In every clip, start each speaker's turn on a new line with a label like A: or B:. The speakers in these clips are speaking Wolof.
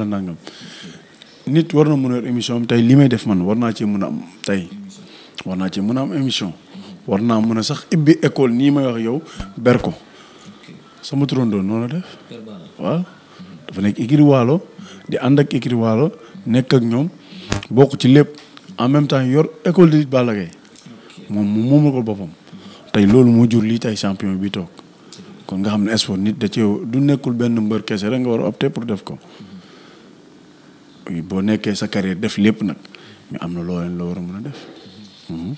A: la nangam nit war na mën a yor émission am tey lii may def man war naa cee mën a am tey war naa cee mën am émission war naa mën a sax ibbi école nii may wax yow ber ko sama turandoo noonu la def dafa nekk écurie Waalo di ànd ak écurie Waalo nekk ak ñoom bokk ci lépp en même temps yor école de Balla Gaye moom mu moomal ko boppam tey loolu moo jur lii tay champion bi toog kon nga xam ne sport nit da ci du nekkul benn mbër kese rek nga war a opté pour def ko kuy boo nekkee sa carrière def lépp nag mais am na loo leen war a mën a def. Mhm.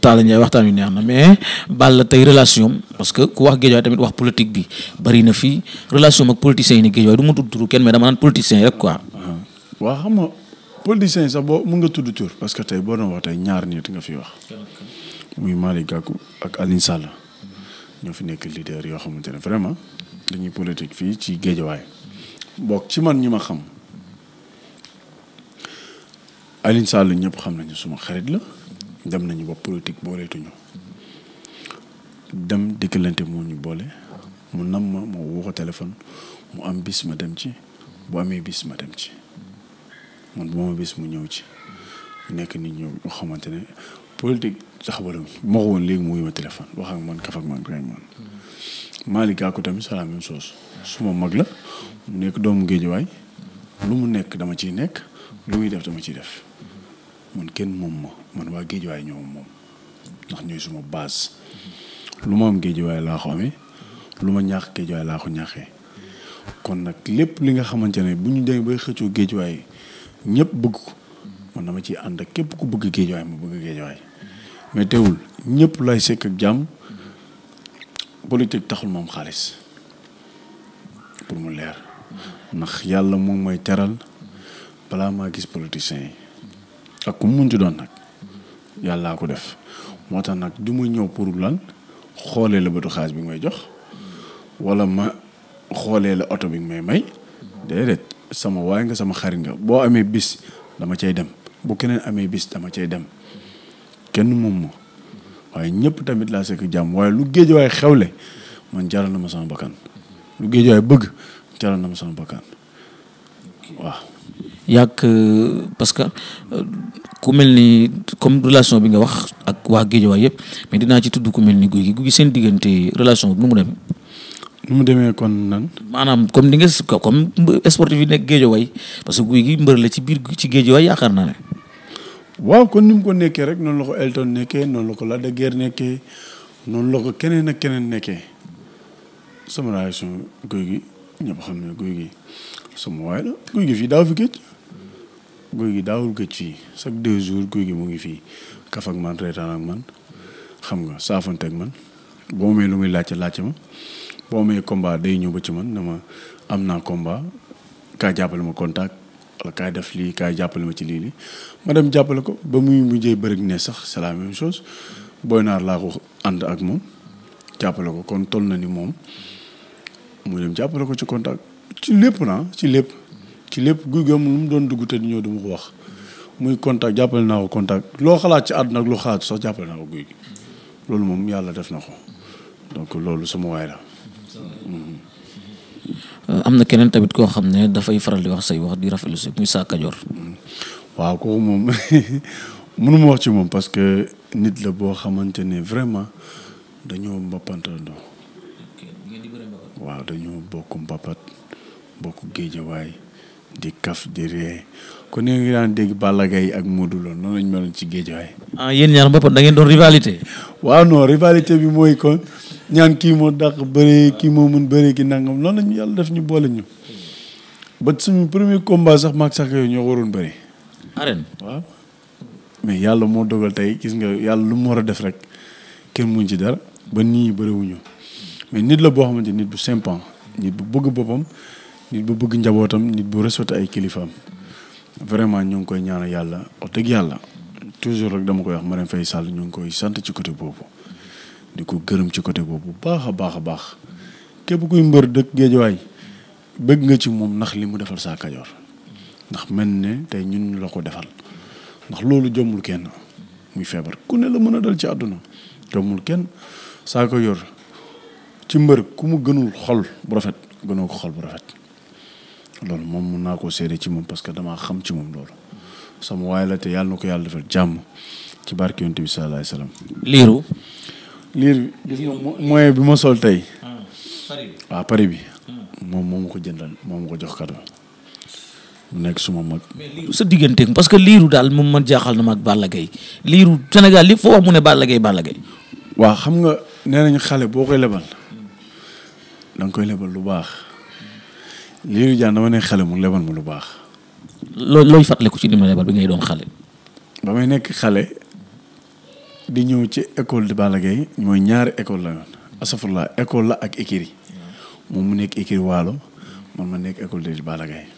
A: Talla Ndiaye waxtaan wi neex na mais Balla tey relation parce que ku wax géejawaay tamit wax politique bi bari na fi relation ak politiciens yi ne géejawaay du ma tudd tur kenn mais dama naan rek quoi. waaw xam nga politiciens yi sax boo mun nga tudd tur parce que tey boo doon wax tey ñaar nit nga fi wax. muy Malick Gakou ak Alioune Sall. ñoo fi nekk leader yoo xamante ne vraiment dañuy politique fii ci géejawaay bokk ci man ñi ma xam. Alioune Sall ñëpp xam nañu suma xarit la dem nañu ba politique booleetuñu dem dikkalante moo ñu boole mu nam ma moo woo ko mu am bis ma dem ci bu amee bis ma dem ci man bu ma bis ñëw ci nekk nit ñëw ñoo xamante ne politique sax ba dem ma mu wuyu ma téléphone wax ak man kaf ak man rek man Malick Gakou tamit c'est la suma mag la mu nekk doomu géejuwaay lu mu nekk dama ciy nekk lu muy def dama ciy def man kenn moom ma man waa géejuwaay ñoom moom ndax ñooy suma baas lu ma am géejuwaay laa ko amee lu ma ñaax géejuwaay laa ko ñàkkee kon nag lépp li nga xamante ne bu ñu demee bay xëccoo géejuwaay ñëpp bëgg ko man dama ciy ànd ak képp ku bëgg géejuwaay ma bëgg géejuwaay mais teewul ñëpp lay sekk ak jàmm politique taxul moom xaalis pour mu leer ndax yàlla moom mooy teral balaa maa gis politiciens yi ak ku mu munti doon nag yàllaa ko def moo tax nag du ma ñëw pour lan xoolee la bëtu xaalis bi may jox walla ma xoolee la oto bi may may déedéet sama waay nga sama xarit nga boo amee bis dama cay dem bu keneen amee bis dama cay dem kenn moom ma waaye ñëpp tamit laa sekk jàmm waaye lu géej waay xewle man jaral na ma sama bakkan lu géej waay bëgg jaral na ma sama bakkan waaw yàgg parce que ku mel ni comme relation bi nga wax ak waa waay yëpp mais dinaa ci tudd ku mel ni guy gi gi seen diggante relation bi nu mu dem nu mu demee kon nan. maanaam comme ni nga comme sportif yi nekk Géejawaay parce que guy gi mbër la ci biir ci Géejawaay yaakaar naa ne. waaw kon ni mu ko nekkee rek noonu la ko Elton nekkee noon la ko Lac de Guiers nekkee noonu la ko keneen ak keneen nekkee sama relation guy gi ñëpp xam ne guy gi fii daaw fi géej. guy gi daawul gëj fii chaque deux jours guy gi mu ngi fii kaf ak man reetaan ak man xam nga saafante ak man boo amee lu muy laajte laajte ma boo amee combat day ñëw ba ci man na ma am naa combat kaay jàppale ma contact wala kaay def lii kaay jàppale ma ci lii lii ma dem jàppale ko ba muy mujjee bëri ne sax c'est la même chose booy naar laa ko ànd ak moom jàppale ko kon toll na ni moom mu dem jàppale ko ci contact ci lépp na ci lépp. ci lépp guy gëm mu doon dugg te ñëw du ma ko wax muy contact jàppale naa ko contact loo xalaat ci àdduna ak loo xalaat sax jàppale naa ko guy loolu moom yàlla def na ko donc loolu sama waay la. Euh, am na keneen tamit koo xam ne dafay faral di wax say wax di rafetlu si muy Sa Kajoor. Mm. waaw kooku moom mënuma wax ci moom parce que nit la boo xamante ne vraiment dañoo mbappantandoo. waaw dañoo bokk mbappat bokk géejawaay. di kaf di ree kon ni nga daan dégg Balla Gaye ak du Lo noonu lañ meloon ci géej waaye. ah yéen ñaar boppam da doon rivalité. waaw non rivalité bi mooy kon ñaan kii moo daq bëree kii moo mun bëree ki nangam noonu lañu yàlla def ñu boole ñu. ba suñu premier combat sax maag sax yooyu ñoo waroon bëri. arène waaw. mais yàlla moo dogal tey gis nga yàlla lu mu war a def rek kenn muñ ci dara ba nii bëriwuñu mais nit la boo xamante nit bu simple nit bu bëgg boppam. nit bu bëgg njabootam nit bu respecté ay kilifaam vraiment ñu ngi koy ñaanal yàlla wax dëgg yàlla toujours rek dama koy wax Marème Faye Sall ñu ngi koy sant ci côté boobu di ko gërëm ci côté boobu baax a baax a baax képp kuy mbër dëkk géejawaay bëgg nga ci moom ndax li mu defal saa Kajoor ndax mel ne tey ñun la ko defal ndax loolu jommul kenn muy feebar ku ne la mën a dal ci àdduna jommul kenn saa Kajoor ci mbër ku mu gënul xol bu rafet gënoo ko xol bu rafet loolu moom mun naa koo seede ci moom parce que damaa xam ci moom loolu sama waay la te yàlla na ko yàlla defal jàmm ci barke yonent bi sallallahu alayhi wa sallam. liiru. bi ma sol tey. Ah, pari bi. Ah, ah. moom moo ko jëndal moo ma ko jox kado. mu nekk suma mag. sa digganteeg parce que liiru daal moom man jaaxal na ma ak Balla Gaye liiru Sénégal li foo wax mu ne Balla Gaye Balla xam nga nee nañu xale boo koy lebal. Hmm. da koy lebal lu baax. Lirou Diane dama ne xale mu lebal ma lu baax. loo looy ko ci li ma lebal bi ngay doon xale. ba may nekk xale di ñëw ci école de Balla Gaye mooy ñaari école la yoon asafurla école la ak écurie moom mu nekk écurie waalo man ma nekk école de Balla Gaye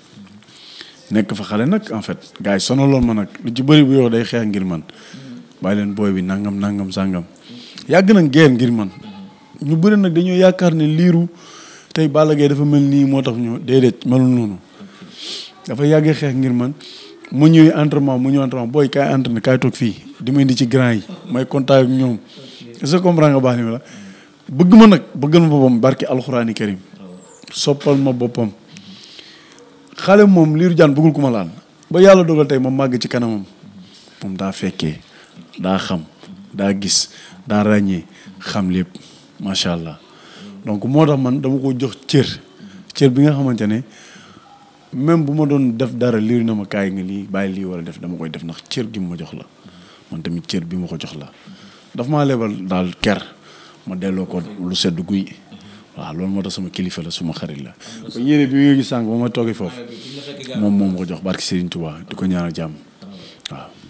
A: nekk fa xale nag en fait gars yi sonaloon ma nag lu ci bari bu yow day xeex ngir man bàyyi leen booy bi nangam nangam sangam yàgg nañ geer ngir man ñu bëri nag dañoo yaakaar ne liiru tey Balla Gaye dafa mel nii moo tax ñu déedéet melul noonu dafa yàggee xeex ngir man mu ñëwee entraînement mu ñëw entraînement booy kaay entraîné kaay toog fii di ma indi ci grand yi may contact ak ñoom est-ce que comprendre nga baax ni la bëgg ma nag bëggal ma boppam barki alxuraani karim soppal ma boppam xale moom liiru jaan bëggul ku ma laal ba yàlla dogal tey ma màgg ci kanamam moom daa fekkee daa xam daa gis daa ràññee xam lépp macha allah donc moo tax man dama ko jox cër cër bi nga xamante ne même bu ma doon def dara liir na ma kaay nga lii bàyyi lii wala def dama koy def ndax cër gi ma jox la man tamit cër bi ma ko jox la daf maa lebal daal ker ma delloo ko lu sedd guy waaw loolu moo tax sama kilifa la suma xarit la ko yéene bi nga gis sànq ba ma toogee foofu moom moom ko jox barki Serigne Touba di ko ñaanal jàmm waaw